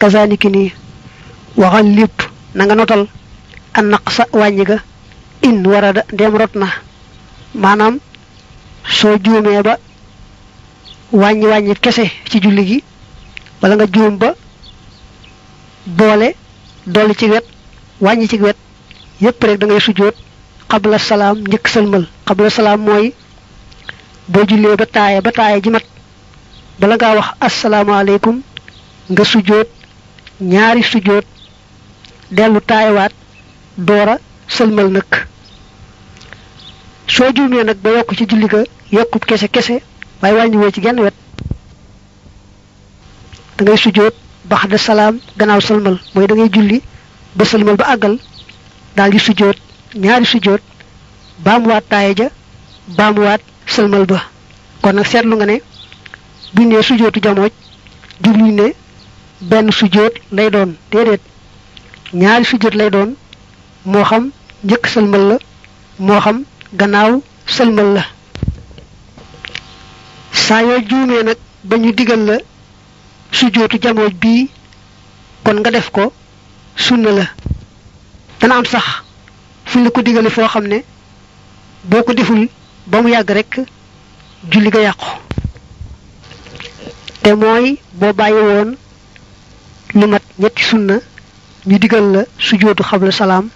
kazaliki ni waxal lépp na nga notal a naqsa ga in warada dem rot manam maanaam soo juumee ba wàññi wàññi kese ci julli gi wala nga juum ba boole dolli ci wet wàññi ci wet yépp rek da ngay sujjoot qabla salaam njëkk sëlmal qabla salaam mooy ba ba ji mat bala wax nga ñaari sujjóot dellu taayawaat nag soo juumee nag ba yokk ci julli ga yokkub kese kese waaye wàññiwoo ci genn wet da sujjóot bax da salaam gannaaw sëlmal mooy dangay ngay julli ba sëlmal ba àggal daal di sujjóot ñaari sujjóot baamuwaat taaya ja baamuwaat sëlmal ba kon nag seetlu nga ne buñ nee sujjóotu jamooj jubluñ ne benn sujjóot lay doon déedéet ñaari sujjóot lay doon moo xam njëkk sëlmal la moo xam gannaaw sëlmal la saa yoo juumee nag ba ñu digal la sujjóotu jamooj bii kon nga def ko sunna la dana am sax fu la ko digale foo xam ne boo ko deful ba mu yàgg rekk julli nga yàqu te mooy boo bàyyi woon lu mat ñetti sunna ñu digal la sujootu xabla salaam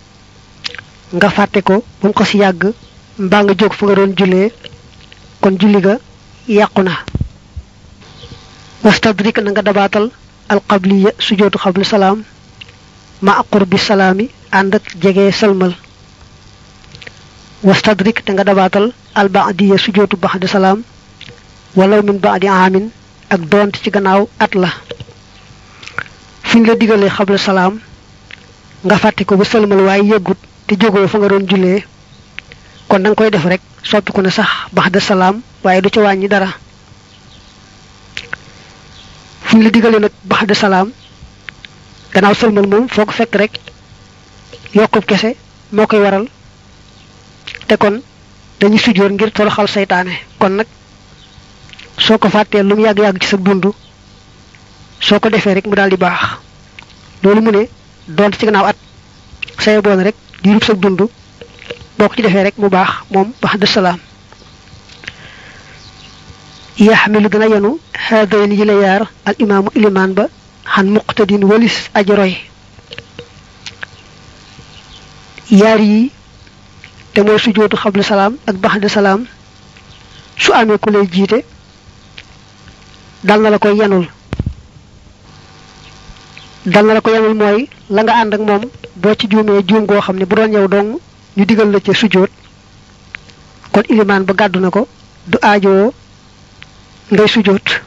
nga fàtte ko ba mu ko si yàgg mbaa nga jóg fa nga doon jullee kon julli ga yàqu na wastadrik na nga dabaatal alqabliya sujootu xabla salaam ma aqur bi salaami ànd ak jege salmal wastadrik te nga dabaatal albaadiya sujootu baxda salaam walla min baadi aamin ak doonte ci gannaaw at la fiñ la digalé xabla salam nga fàtte ko bu salmal way yegut te jógoo fa nga doon julé kon dang koy def rek ko na sax bahda salam waye du ci wañi dara fiñ la digalé nak bahda salam gannaaw sëlmal mom foo ko rek yokku kese mo koy waral te kon dañu sujjor ngir toroxal seytaane kon nak soko fatte lu yag yag ci sa dundu soko defé rek mu di loolu mu ne doonte ci gannaaw at say boon rek di rub sa dund boo ci defee rek mu baax moom wax de salaam yaxmilu dana yenu haadayn yi la yaar al imaamu ilimaan ba xan muqtadin walis aji roy yaar yi te mooy sujootu xabla salaam ak baxde salaam su amee ku lay jiite dal na la koy yenul dal na la ko yemul mooy la nga ànd ak moom boo ci juumee juum goo xam ne bu doon yow dong ñu digal la ci sujjóot kon ilimaan ba gàddu na ko du aajoo ngay sujjóot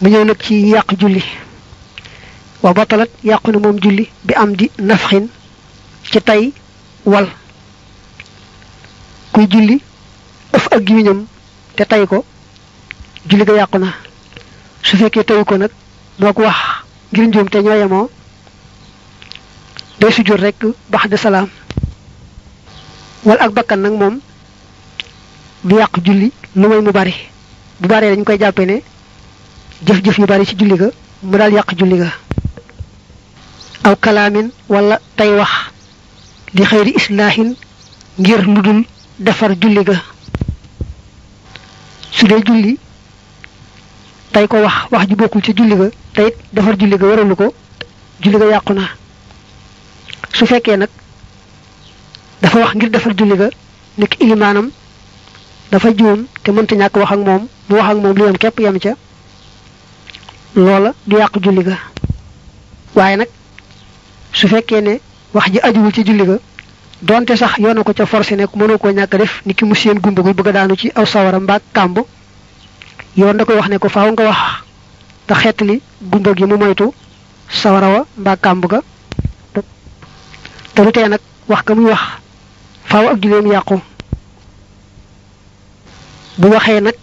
mu ñëw nag ci yàq julli wa batalat yàqu na moom julli bi am di nafxin ci tey wal kuy julli ëf ak giwiñam te tey ko julli ga yàqu na su fekkee teyu ko nag moo ko wax ngir njuum te ñoo mo day sujur rek bax de salam wal ak bakkan nak mom du yaq julli lu may mu bari bu bari dañ koy si né jëf-jëf yu bari ci julli ga mu dal yaq julli ga aw kalamin wala tay wax di xëyri islahin ngir mudul defar julli ga su dee julli tay ko wax wax ju bokul ci julli ga te it defar julli ga waralu ko julli ga yàqu na su fekkee nag dafa wax ngir defar julli ga nekk ilimaanam dafa juum te mënta ñàkk wax ak moom mu wax ak moom lu yem képp yem ca loola du yàqu julli ga waaye nag su fekkee ne wax ji ajuwul ci julli ga donte sax yoona ko ca forcé ne mënoo koo ñàkk def ni mu seen gumba guy bëgg a daanu ci aw sawara mbaa kàmb yoon da koy wax ne ko faw nga wax te xeetali gumba gi mu moytu sawara wa mbaa kàmb ga te lu nag wax ka muy wax faaw ak juleem yàqu bu waxee nag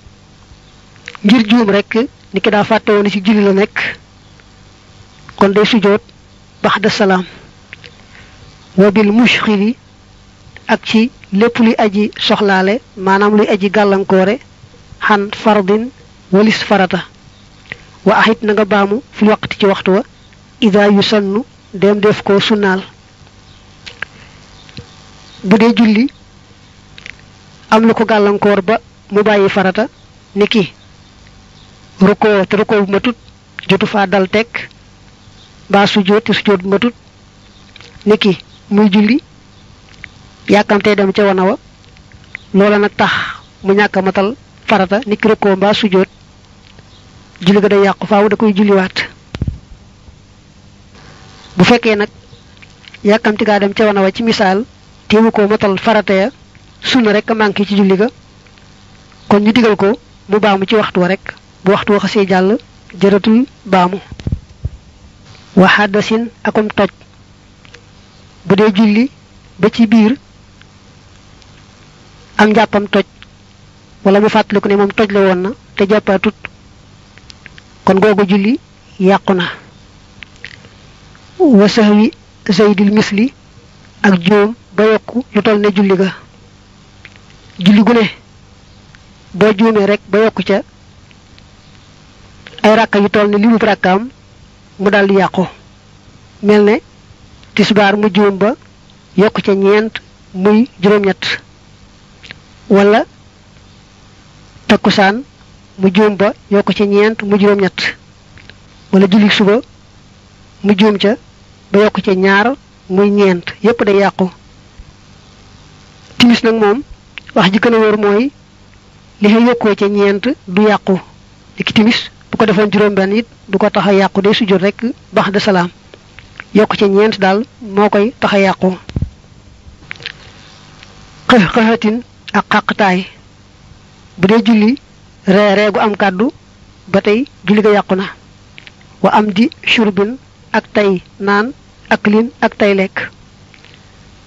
ngir juum rekk ni ki daa fàtte woon ci julli la nekk kon day sujoot baxda salaam wabil mushkili ak ci lépp luy aji soxlaale maanaam luy aji gàllankoore xan fardin walis farata wa axit na nga baamu fil waqti ci waxtu wa ida yu sannu dem def ko sunnaal bu dee julli am lu ko gàllankoor ba mu bàyyi farata ni ki rukkoo te rukkoo bu matut jotu faa dal tekk mbaa sujjóot te sujjóot bu matut ni ki muy julli yàkkamtee dem ca wana wa loola nag tax mu ñàkk matal farata ni ki rukkoo mbaa sujjóot julli ga day yàqu faaw da koy julliwaat bu fekkee nag yàkkamti gaa dem ca wana wa ci misaal téewu ko matal farata ya sunna rek manqué ci julli ga kon ñu digal ko mu baamu ci waxtu wa rek bu waxtu wa xasee jàll jëratul baamu wa xaddasin akum toj bu dee julli ba ci biir am njàppam toj wala mu fàttaliku ne moom toj la woon na te jàppaatut kon googu julli yàqu na wa sahwi zaydil misli ak juum ba yokku lu toll ne julli ga julli gu boo juumee rek ba yokku ca ay rakka yu toll ne li mu rakkaam mu daal yàqu mel ne tisbaar mu juum ba yokk ca ñeent muy juróom-ñett wala takkusaan mu juum ba yokk ci ñeent mu juróom ñett wala julli suba mu juum ca ba yokk ci ñaar muy ñeent yépp day yàqu timis nag moom wax ji gën a wóor mooy li nga yokkoo ca ñeent du yàqu ki timis bu ko defoon juróom benn it du ko tax a yàqu day sujjur rek bax de salaam yokk ca ñeent daal moo koy tax a yàqu xëx bu dee julli ree ree gu am kàddu ba tey julli ga yàqu na wa am di shurbin ak tey naan ak lin ak tey lekk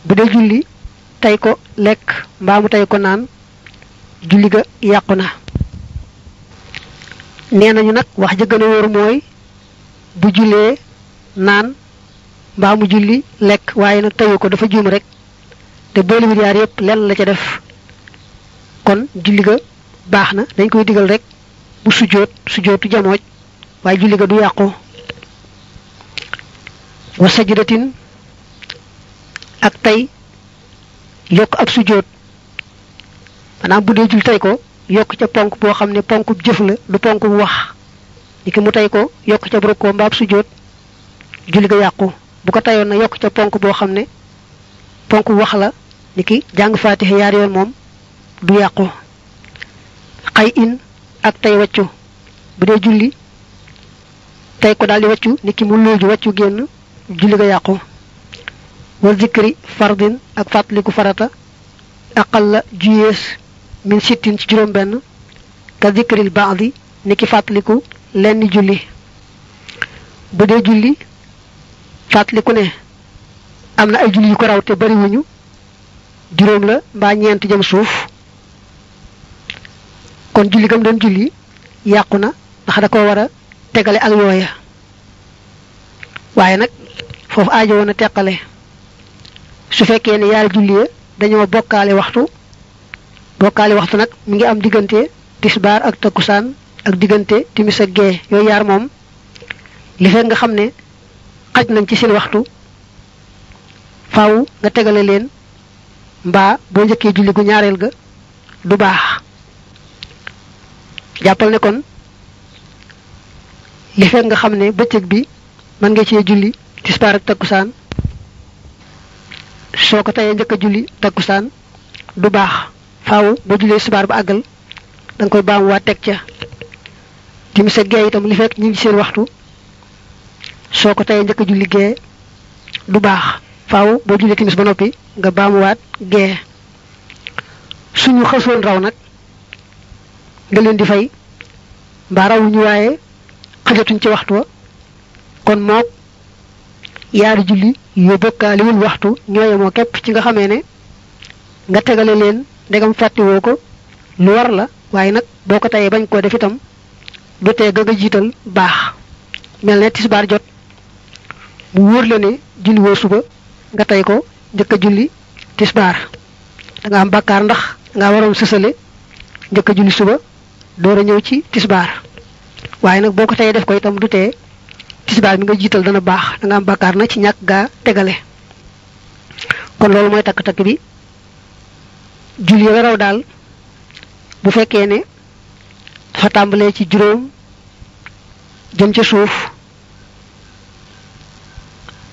bu dee julli tey ko lekk mbaa mu tey ko naan julli ga yàqu na nee nañu nag wax ja gën a wóor mooy bu jullee naan mbaa mu julli lekk waaye na teyu ko dafa juum rek te booli yaar yépp lenn la ca def kon julli ga baax na dañ koy digal rek bu sujjóot sujjóotu jamooj waaye julli ga du yàqu wa sajdatin ak tey yokk ab sujjóot maanaam bu dee jul tey ko yokk ca ponk boo xam ne ponkub jëf la du ponk bu wax ni ki mu tey ko yokk ca brokkoo mbaab sujjóot julli ga yàqu bu ko teyoon na yokk ca ponk boo xam ne ponk wax la ni ki jàng faatixa yaar yoon moom du yàqu xay in ak tey wàccu bu dee julli tey ko daal di wàccu ni mu luul ji génn julli nga yàqu wa zikri fardin ak fàttaliku farata aqal la juyees min sittin ci juróom benn ka zikril baadi ni ki fàttaliku lenn julli bu dee julli fàttaliku ne am na ay julli yu ko te bariwuñu juróom la mbaa ñeent jëm suuf kon julli gam doon julli yàqu na ndax da koo war a tegale ak yooya waaye nag foofu aajo woon a teqale su fekkee ne yaari julli ya dañoo bokkaale waxtu bokkaale waxtu nag mu ngi am diggante tisbaar ak takkusaan ak diggante timis ak gee yooyu yaar moom li fekk nga xam ne xaj nañ ci seen waxtu faw nga tegale leen mbaa boo njëkkee julli gu ñaareel ga du baax jappal ne kon li fe nga xamne beccëk bi man nga ci julli tisbaar ak takusan soko ko ñëk julli takusan du baax faaw bu julli tisbaar bu agal dang koy baam wa tek ca timis sa geey itam li fekk ñi ngi seen waxtu soko ko ñëk julli gee du baax faaw boo julli timis ba nopi nga waat gee suñu xasoon raw nak nga leen di fay mbaa waaye xajatuñ ci waxtu wa kon moom yaari julli yoo bokkaaliwul waxtu ñooye moo képp ci nga xamee ne nga tegale leen ndegam woo ko lu war la waaye nag boo ko tayee bañ koo def itam du tee ga nga jiital baax mel ne tisbaar jot mu wóor ne julli suba nga tey ko njëkk julli tisbaar danga am bakkaar ndax da nga waroon sësale njëkk julli suba door ñëw ci tisbaar waaye nag boo ko tey def ko itam du te tisbaar bi nga jiital dana baax danga nga na ci ñàkk gaa tegale kon loolu mooy takk-takk bi julli ya raw daal bu fekkee ne dafa tàmbalee ci juróom jëm ca suuf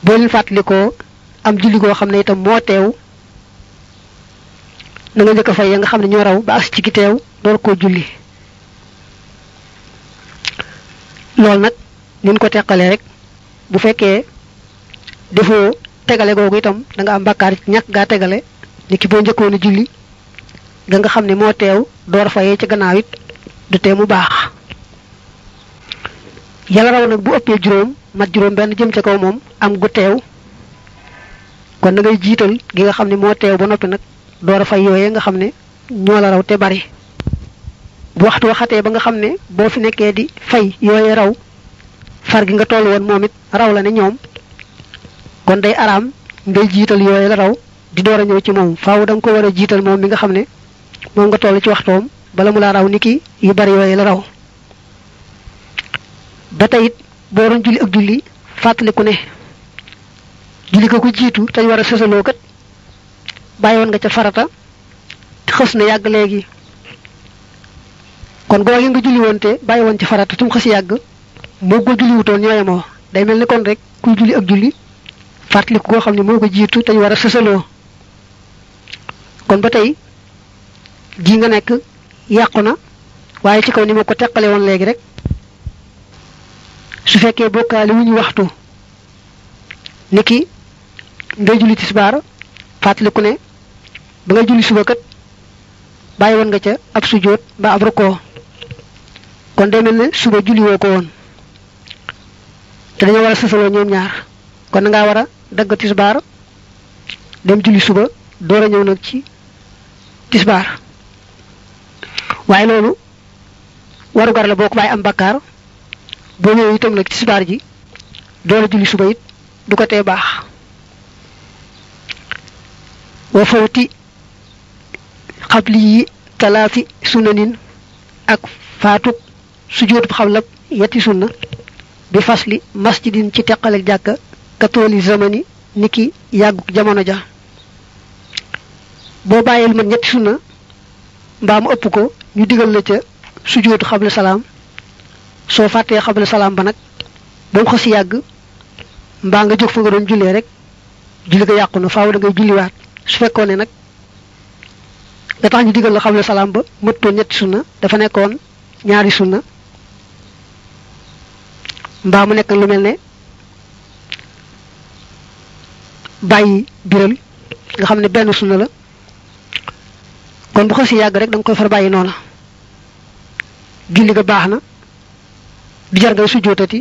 boo fàttalikoo am julli koo xam ne itam moo teew na nga njëkk fay ya nga xam ne ñoo raw ba as ci ki teew door koo julli loolu nag liñ ko teqalee rek bu fekkee defoo tegale googu itam danga nga am bakkaar ñàkk gaa tegale ni ki boo njëkkoon julli ga nga xam ne moo teew door fayee ci gannaaw it du tee mu baax yàlla raw nag bu ëppee juróom mat juróom benn jëm ca kaw moom am gu teew kon dangay ngay jiital gi nga xam ne moo teew ba noppi nag door a fay yooyee nga xam ne ñoo la raw te bari bu waxtu waxatee ba nga xam ne boo fi nekkee di fay yooyu raw far gi nga toll woon moom it raw la ne ñoom kon day araam ngay jiital yooyu la raw di door a ñëw ci moom faaw danga ko war a jiital moom bi nga xam ne moom nga toll ci waxtoom bala mu laa raw ni ki yu bari yooyu la raw ba tey it boo doon julli ak julli fàttaliku ne julli ko ku jiitu tey war a sësaloo kat bàyyi woon nga ca farata xës na yàgg léegi kon googu nga julli woon te bàyyi woon ci farata tum xasi yàgg moo ko julli wutoon ñooye moo day mel ni kon rek kuy julli ak julli fàttaliku koo xam ne moo ko jiitu te ñu war a sësaloo kon ba tey ji nga nekk yàqu na waaye ci kaw ni ma ko teqale woon léegi rek su fekkee bokkaale wu ñu waxtu ni ki ngay julli tisbaar fàttaliku ne ba nga julli suba kat bàyyi woon nga ca ab sujjóot ba ab rukkoo kon day mel suba julli woo ko woon te dañoo war a ñoom ñaar kon dangaa war a dagg tisbaar dem julli suba door ñëw nag ci tisbaar waaye loolu warugar la boo ko bàyyi am bakkaar boo ñëwee itam nag tisbaar ji door julli suba it du ko tee baax wa fawti xabli yi talaati sunanin ak faatuk sujjóotub xaw lak yetti sunna bi fasli masjidin ci teqale jàkka katooli zamani niki yàgguk jamono ja boo bàyyee lu mat ñetti sunna mbaa ëpp ko ñu digal la ca sujjóotu xabla salaam soo fàttee xabla salaam ba nag ba mu xas yàgg mbaa nga jóg fa nga doon jullee rek julli nga yàqu na faw da ngay julliwaat su fekkoon ne nag nga tax ñu digal la xabla salaam ba mëttoon ñetti sunna dafa nekkoon ñaari sunna mbaa mu nekk lu mel ne bàyyi biral nga xam ne benn sunna la kon bu xasee yàgg rek da nga koy far bàyyi noona julli ga baax na bi jar ngay sujjootati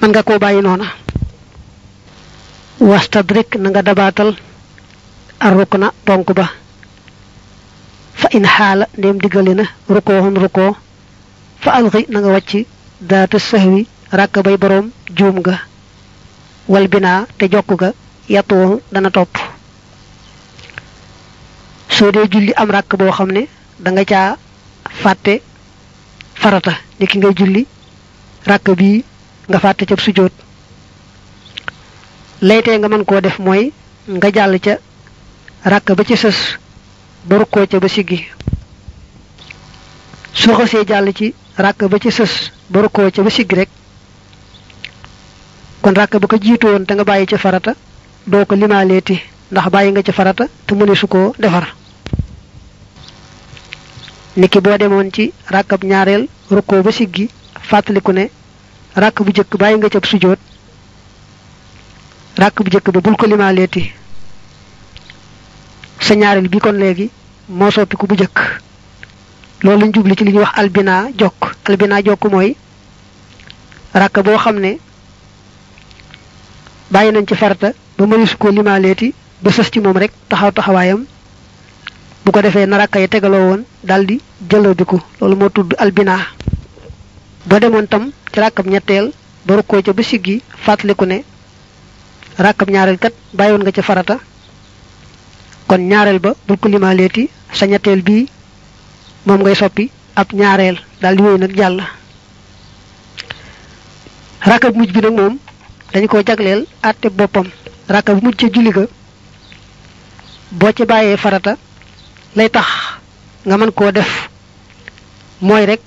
mën nga koo bàyyi noona wastadrik na nga dabaatal ar na ponk ba fa in xaala ndéem diggale na rukoo xun rukoo fa alxi na nga wàcc daata sahwi ràkk bay boroom juum ga wal te jokk ga yàttuwoon dana topp soo dee julli am ràkk boo xam ne danga nga caa fàtte farata ni ki ngay julli ràkk bii nga fàtte ca sujjóot laytee nga mën koo def mooy nga jàll ca ràkk ba ca sës ba rukkoo ca ba siggi soo jàll ci ràkk ba ca sës ba rukkoo ca ba sigg rek kon ràkk ba ko jiitoon te nga bàyyi ca farata doo ko limaaleeti ndax bàyyi nga ca farata te mu ne su ko defar niki boo demoon ci ràkkab ñaareel rukkoo ba siggi fàttaliku ne ràkk bu jëkk bàyyi nga ca sujjóot ràkk bu jëkk ba bul ko limaaleeti sa ñaareel bi kon léegi moo soppiku bu jëkk loolu lañ jubli ci li ñuy wax albina jokk albinaa jokk mooy rakk boo xam ne bàyyi nañ ci farata ba mënees ko limaaleeti ba sës ci moom rek taxaw taxawaayam bu ko defee na rakka yi tegaloo woon daldi jëladiku loolu moo tudd albina boo demoon tam ci rakkab ñetteel ba rukkoo ca ba siggi fàttaliku ne rakkab ñaareel kat bàyyi woon nga ca farata kon ñaareel ba bul ko limaaleeti sa ñetteel bii moom ngay soppi ab ñaareel daal di wéy nag jàll rakka bu mujj bi nag moom dañ ko jagleel àtte boppam rakka bu mujj ca julli ga boo ca bàyyee farata lay tax nga mën koo def mooy rek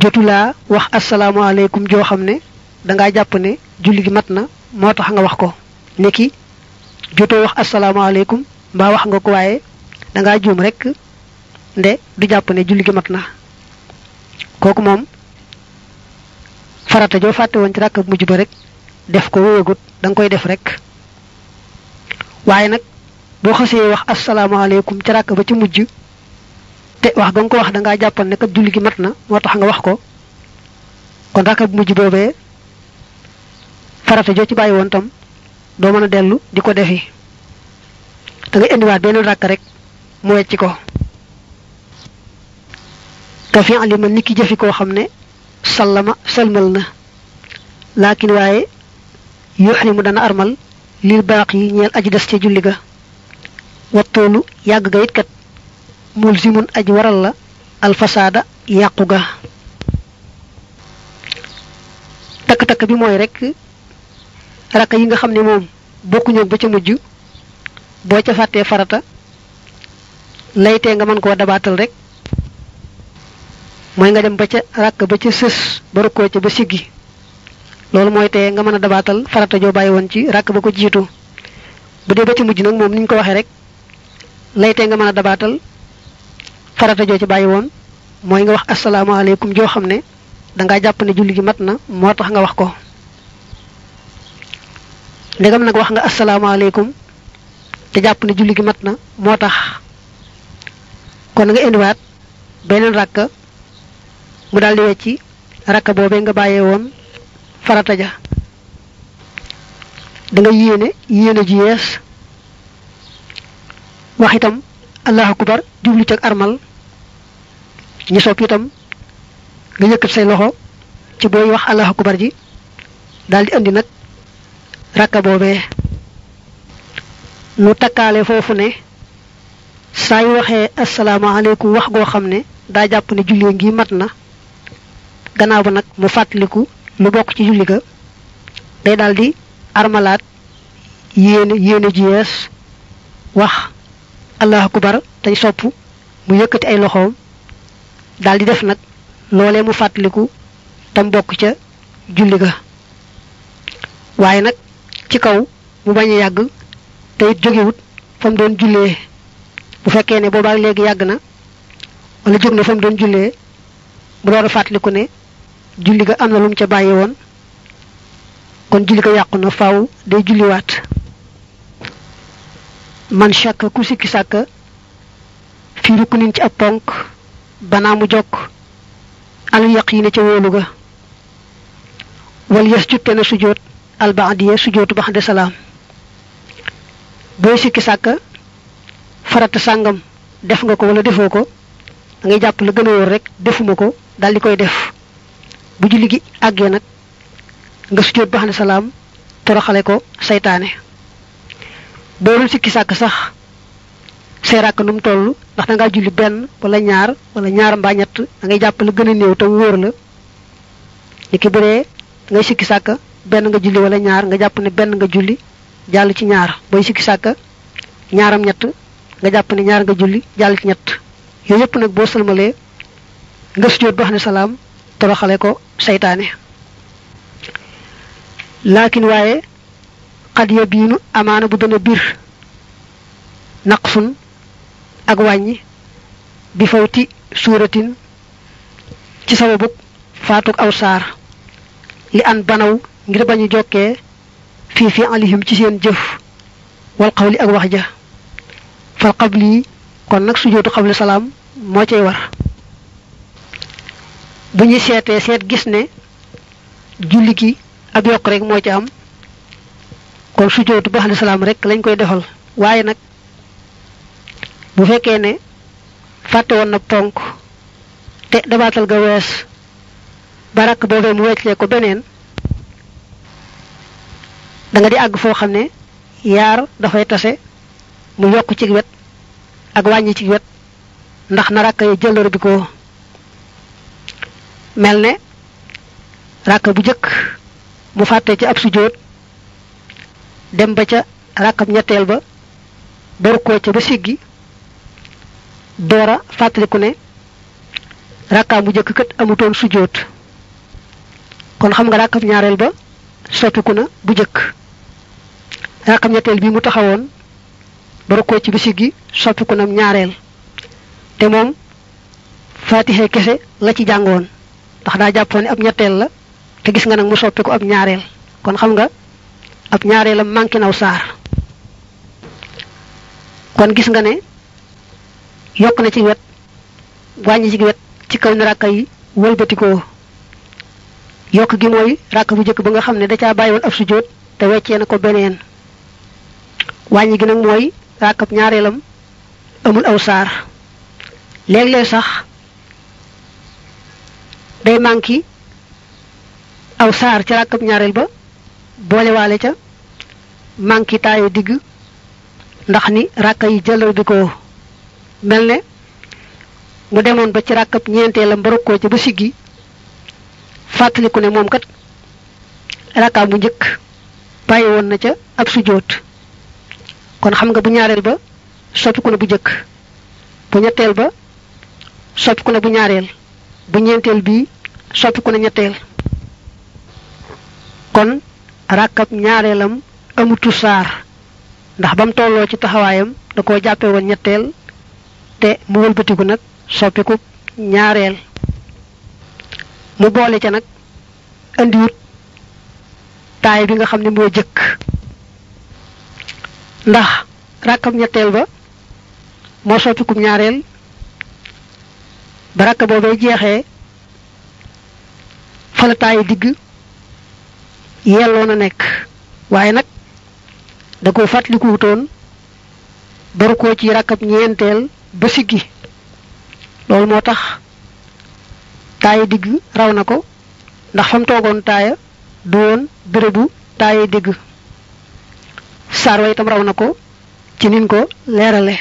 jotulaa wax asalaamaaleykum joo xam ne dangaa jàpp ne julli gi mat na moo tax nga wax ko nekki jotoo wax asalaamaaleykum mbaa wax nga ko waaye dangaa juum rekk nde du jàpp ne mat na kooku moom farata joo fàtte woon ci ràkk bu mujj ba rek def ko wéyagut da koy def rekk waaye nag boo xasee wax asalaamaaleykum ci ràkk ba ci mujj te wax ga nga ko wax da jàppal ne kat julli gi mat na moo tax nga wax ko kon ràkk bu mujj boobee farata joo ci bàyyi woon tam doo mën a dellu di ko defi da nga indiwaat benn ràkk rek mu wecc ko ka fi'li man ni jëfi koo xam ne sallama salmal na laakin waaye yuxrimu dana armal lil baaq yi ñeel aji des ca julli ga wattoolu yàgg ga it kat mulzimun waral la alfasaada yàqu ga takk-takk bi mooy rek rakk yi nga xam ne moom bokkuñu ba ca mujj boo ca fàttee farata laytee nga mën koo dabaatal rek mooy nga dem ba ca rakk ba ca sës ba rukkoo ca ba siggi loolu mooy teye nga mën a dabaatal farata joo bàyyi woon ci rakk ba ko jiitu bu dee mujj nag moom ni ko waxee rek lay nga mën a dabaatal farata joo ci bàyyi woon mooy nga wax asalaamaaleykum joo xam ne dangaa jàpp ne julli gi mat na moo tax nga wax ko ndegam nag wax nga asalaamaaleykum te jàpp ne julli gi mat na moo tax kon nga indiwaat beneen rakk mu daldi wecci rakka boobee nga bàyyee woon farata ja danga nga yéene yéene ji yees wax itam allahu akbar jublu ci armal ñu sopp itam nga yëkkat say loxo ci booy wax allahu akbar ji daldi andi nag rakka boobee nu takkaale foofu ne saa yu waxee asalaamaaleykum wax goo xam ne daa jàpp ne julli ngi mat na gannaaw ba nag mu fàttaliku lu bokk ci julli ga day daldi armalaat yéene yéene ji yees wax allah akubar dañ sopp mu yëkkati ay loxoom daldi def nag loolee mu fàttaliku tam bokk ca julli ga waaye nag ci kaw mu bañ yàgg te it jógewut fa doon jullee bu fekkee ne booba léegi yàgg na wala jóg na fa doon jullee mu door fàttaliku ne julli ga am na lu ca bàyyi woon kon julli ga yàqu na faaw day julliwaat man shakka ku sikki sàkka fii ruknin ci ab ponk banaa mu jokk alal yaqiina ca wóolu ga wal yes jutte na sujoot albaadiya sujootu baxde salaam booy sikki sàkka farata sàngam def nga ko wala defoo ko da ngay jàpp la gën a wóor rek defuma ko daal di koy def bu julli gi agge nak nga sujjoot baxna salaam toroxale ko shaytané boo doon sikki sàkk sax say ko num tollu ndax da nga julli ben wala ñaar wala ñaar mba ñett da ngay japp lu gëna neew néew te wóor la niki ki nga nyar sikki sak ben nga julli wala ñaar nga japp ne ben nga julli jall ci ñaar boy sikki sak ñaaram ñett nga japp ne ñaar nga julli jall ci ñett nga toroxale ko seytaane laakin waaye xad ya biinu amaana bu dana bir naqsun ak wàññi bi fawti suuratin ci sababuk faatuk aw saar li an banaw ngir bañu jokkee fi fi alihim ci seen jëf wal xawli ak wax fal qabli kon nag sujoodu xawli salaam moo cay war bu ñu seetee seet gis ne julli gi ak yokk rek moo ci am kon sujjootu ba salaam rek lañ koy defal waaye nag bu fekkee ne fàtte woon na ponk te dabaatal ga wees barak boobee mu wecce ko beneen danga di àgg foo xam ne yaar dafay tase mu yokk ci wet ak wàññi ci wet ndax na rakk ya bi ko mel ne ràkk bu jëkk mu fàtte ci ab sujjóot dem ba ca ràkkam ñetteel ba door koo ca ba siggi door a fàttaliku ne ràkkaam bu jëkk kat amutoon sujjóot kon xam nga ràkkam ñaareel ba soppiku na bu jëkk ràkkam ñetteel bi mu taxawoon door koo ci ba siggi soppiku na ñaareel te moom faatixe kese la ci jàngoon ndax daa jàppoon ne ab ñetteel la te gis nga nag mu soppi ko ab ñaareel kon xam nga ab ñaareelam manqué naw saar kon gis nga ne yokk na ci wet wàññi ci wet ci kaw ne ràkka yi ko yokk gi mooy ràkk bu njëkk ba nga xam ne da caa bàyyi woon ab sujjóot te weccee na ko beneen wàññi gi nag mooy ràkkab ñaareelam amul aw saar léeg-léeg sax day manki aw saar ci rakam ñaarel ba boole walé ca manki taayu digg ndax ni rakka yi jëlal ko melne mu demone ba ci ñenté la ba ko ci ba siggi fàttaliku ne mom kat rakka bu jëk bàyyi won na ca ab sujoot kon xam nga bu ñaarel ba soppiku na bu jëk bu ñettel ba na bu ñaarel bu ñentel bi soppiku na ñetteel kon ràkkab ñaareelam amutu saar ndax ba tolloo ci taxawaayam da koo jàppe woon ñetteel te mu wëlbatiku nag soppiku ñaareel mu boole ca nag indiwut taay bi nga xam ne moo jëkk ndax ràkkab ñetteel ba moo soppiku ñaareel ba ràkk boobay jeexee fa la taay digg yelloo na nekk waaye nag da koy fàttalikuwutoon baru ko ci rakkab ñeenteel ba gi loolu moo tax taay digg raw na ko ndax fa toogoon taaya du woon bérébu taay digg saar wa itam raw na ko ci nin ko leerale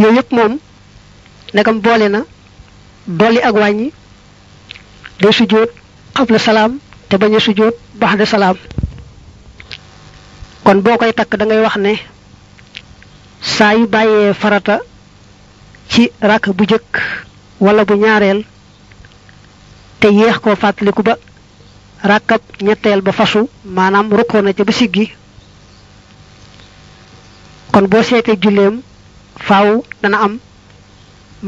yooyu yëpp moom ndegam boole na dolli ak wàññi do sujud qabla salam te baña sujud ba'da salam kon bokay tak da ngay wax ne baye farata ci rak bu jëk wala bu ñaarel te yeex ko fatliku ba rakab ñettel ba fasu manam rukko na ci ba siggi kon bo sété julem faaw dana am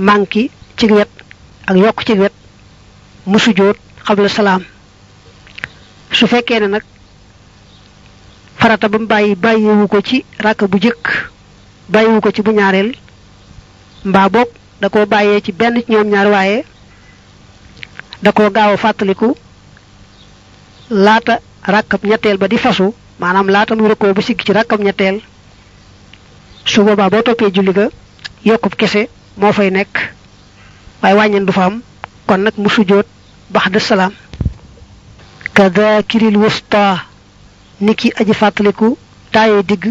manki ci ak yok ci wet mu sujjóot xabla salaam su fekkee ne nag farata ba mu bàyyi bàyyiwu ko ci ràkk bu jëkk bàyyiwu ko ci bu ñaareel mbaa boog da koo bàyyee ci benn ñoom ñaar waaye da koo gaaw a fàttaliku laata ràkkab ñetteel ba di fasu maanaam laata muy rëkkoo bu sigg ci ab ñetteel su boobaa boo toppee julli ga yokkub kese moo fay nekk waaye wàññeen du fa am kon nag mu sujjóot baxda salaam kadakiril wusta niki aji fàttaliku taaye digg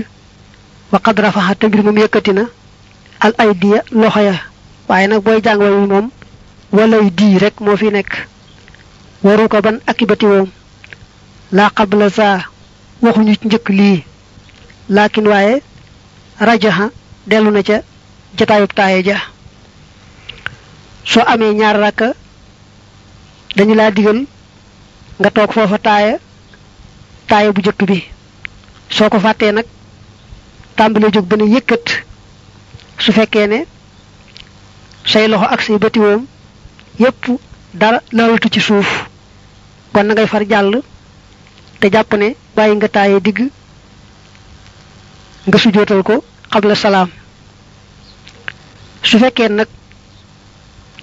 wa rafaxa te mbir moom yëkkati na al aydiya loxo ya waaye nag booy jàng way moom walay dii rek moo fi nekk waru ko ban akibati woom laa qabla saa waxuñu njëkk lii laakin waaye rajaxa dellu na ca jataayub taaye ja soo amee ñaar rakka dañu laa digal nga toog foofa taaya taaya bu jëkk bi soo ko fàttee nag tàmbalee jóg gën a yëkkat su fekkee ne say loxo ak say batiwoom yépp dara laalatu ci suuf kon na ngay far jàll te jàpp ne bàyyi nga taayee digg nga sujootal ko xabla salaam su fekkee nag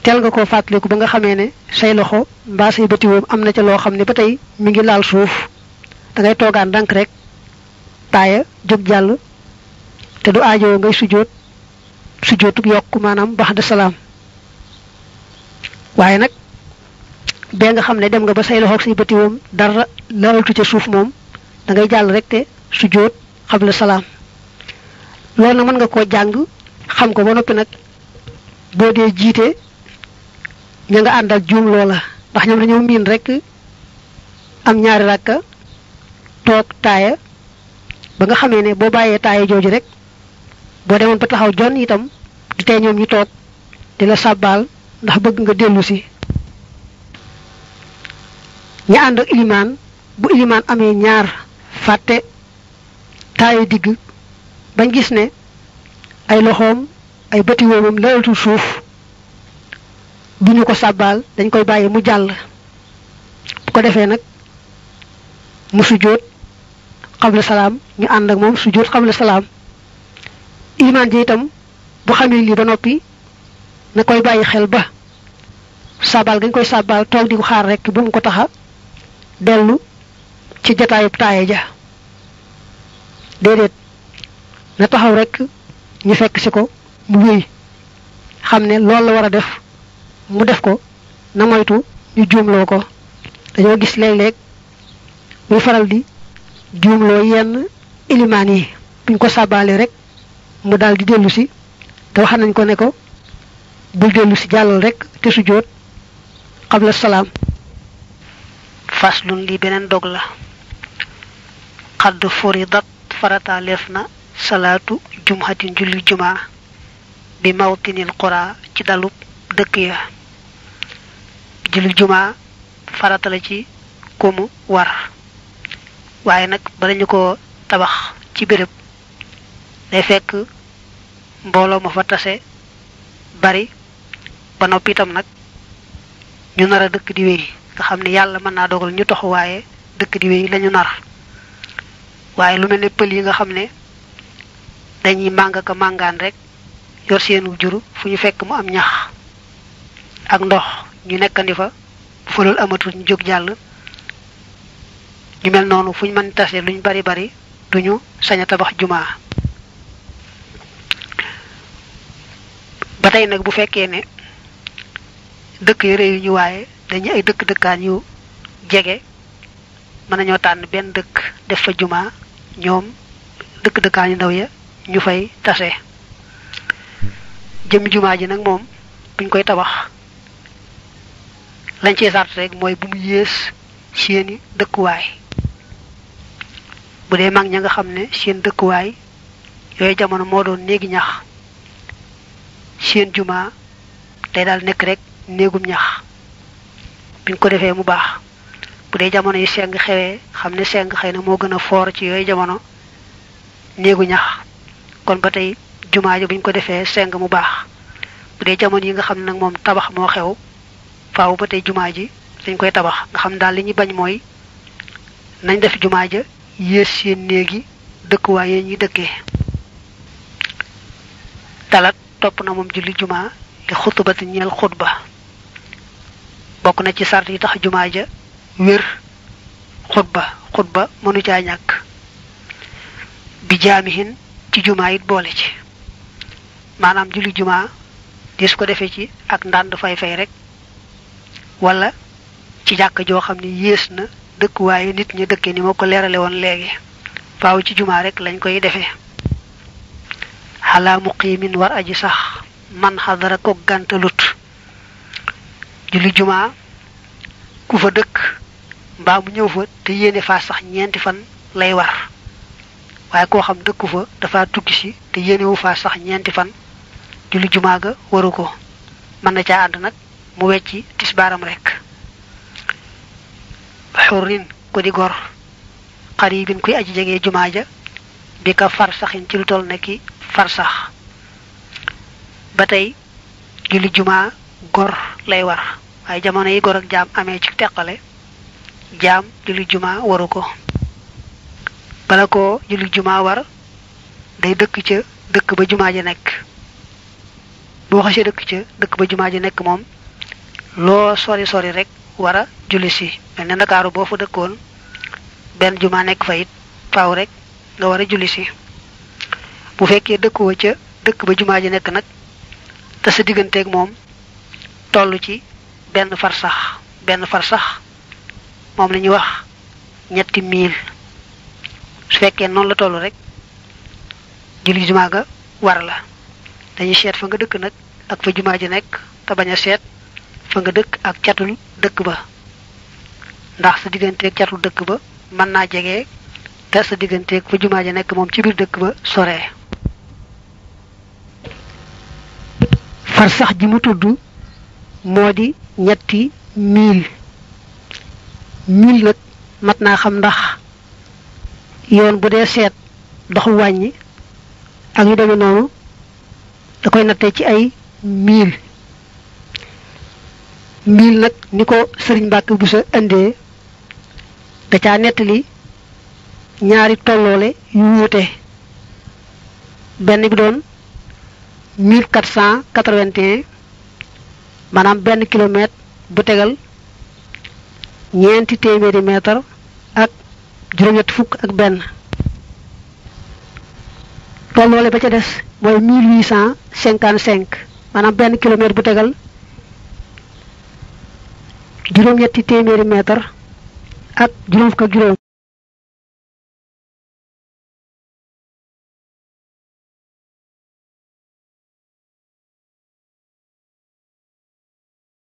teel nga koo fàttaliku ba nga xamee ne say loxo mbaa say bëti am na ca loo xam ne ba tey mi ngi laal suuf da ngay toogaan ndànk rek taaya jóg jàll te du aajowoo ngay sujjóot sujjóotug yokk maanaam bax de salaam waaye nag bee nga xam ne dem nga ba say loxo ak say bëti woom dara laaltu ca suuf moom dangay jàll rek te sujjóot xabla salaam loolu na mën nga koo jàng xam ko ba noppi nag boo dee jiite ña nga àndal juum loola ndax ñoom dañoo miin rek am ñaari rakka toog taaya ba nga xamee ne boo bàyyee taaya jooju rek boo demoon ba taxaw jon itam di tey ñoom ñu toog di la sàbbaal ndax bëgg nga dellu si ña ànd ak ilimaan bu ilimaan amee ñaar fàtte taaya digg bañ gis ne ay loxoom ay bëti woomam lalatul suuf duñu ko sabbal dañ koy bàyyi mu jàll bu ko defee nag mu sujjóot xamle salaam ñu ànd ak moom sujjóot xamle salaam iman ji itam bu xamee lii ba noppi na koy bàyyi xel ba sabbal gañ koy sabbal toog di ko xaar rek bu mu ko taxa dellu ci jataayub taaye ja déedéet na taxaw rek ñu fekk si ko mu wéy xam loolu la war def mu def ko na moytu ñu juumloo ko dañoo gis léeg-léeg muy faral di juumloo yenn ilimaan yi buñ ko sàbbaale rek mu daldi di dellu si te nañ ko ne ko bul dellu si jàllal rekk te su jóot xabla salaam faslun li beneen dog la xadd furidat farataaleef na salaatu jumhatin julli jumaa bi mawtinil qura ci dalub dëkk ya julli juma farata la ci kumu war waye nak bala ñu ko tabax ci béréb day fekk mbolo ma fa tassé bari ba nopi tam nak ñu nara dëkk di wéy nga xamni yalla mëna dogal ñu tax waye dëkk di wéy lañu nar waye lu melni yi nga xamne dañuy ka rek yor seenu juru fuñu fekk mu am ñax ak ndox ñu nekkandi fa bu fa loolu amatul ñu jóg jàll ñu mel noonu fu ñu mën tase luñ bari bari duñu sañ tabax jumaa ba tey nag bu fekkee ne dëkk yu réew yu ñu waaye dañu ay dëkk dëkkaan yu jege mën nañoo tànn benn dëkk def fa jumaa ñoom dëkk dëkkaan yu ndaw ya ñu fay tase jëm jumaa ji nag moom buñ koy tabax lañ ciy sart rek mooy bu mu yées seeni dëkkuwaay bu dee mag ña nga xam ne seen dëkkuwaay yooyu jamono moo doon néegi ñax seen jumaa day daal nekk rek néegum ñax buñ ko defee mu baax bu dee jamono yi seng xewee xam ne seng xëy na moo gën a foor ci yooyu jamono néegu ñax kon ba tey jumaa ji buñ ko defee seng mu baax bu dee jamono yi nga xam ne nag moom tabax moo xew faaw ba tey jumaa ji dañ koy tabax nga xam daal li ñu bañ mooy nañ def jumaa ja yées seen néegi dëkkuwaay yi ñuy dëkkee talat topp na moom julli jumaa li xutubati ñeel ba bokk na ci sart yi tax jumaa ja wér xutba ba mënu caa ñàkk bi jaamihin ci jumaa it boole ci maanaam julli jumaa dis ko defee ci ak ndànd fay fay rek wala ci jàkk joo xam ne yées na dëkkuwaayu nit ñu dëkke ni ma ko leerale woon léegi waaw ci jumaa rekk lañ koy defee xalaa muqimin war aji sax man xadara ko gàntalut julli jumaa ku fa dëkk mbaa mu ñëw fa te yéene faa sax ñeenti fan lay war waaye koo xam dëkku fa dafa tukki ci te yéenewu fa sax ñeenti fan julli jumaa ga waru ko mën na ca ànd nag mu wecci tisbaaram rek xurrin ku di gor xaribin kuy aji jege jumaa ja bi ka farsaxin ci lu toll ne ki farsax ba tey julli jumaa gor lay war waaye jamono yi gor ak jaam amee ci teqale jaam julli jumaa waru ko bala ko julli jumaa war day dëkk ca dëkk ba jumaa ji nekk boo xasee dëkk ca dëkk ba jumaa ji nekk moom lo sori sori rek wara julli si melne dakaru bo fa dekkon ben juma nek fa it rek nga wara julli si bu fekke wo ca dekk ba juma ji nek nak ta sa digeunte ak mom tollu ci ben farsax ben farsax mom lañu wax ñetti mil su fekke non la tollu rek julli juma ga war la dañu xet fa nga dekk nak ak fa juma ji nek ta baña xet fa nga dëkk ak catul dëkk ba ndax sa digënté ak catul dëkk ba man na jégé té sa digënté ak fu juma nek mom ci biir dëkk ba soré far sax ji mu tuddu modi ñetti mil mil nak mat na xam ndax yoon bu dé sét dox wañi ak yu nonu da koy ci ay mil miin nag ni ko sëriñ Mbàkke bu sa indee da caa nettali ñaari tolloole yu wuute benn bi doon 1481 maanaam benn kilomètre bu tegal ñeenti téeméeri mètre ak juróom-ñett fukk ak benn tolloole ba ca des mooy 1855 maanaam benn kilomètre bu tegal juróom-ñetti téeméeri mètre ak juróom fukk ak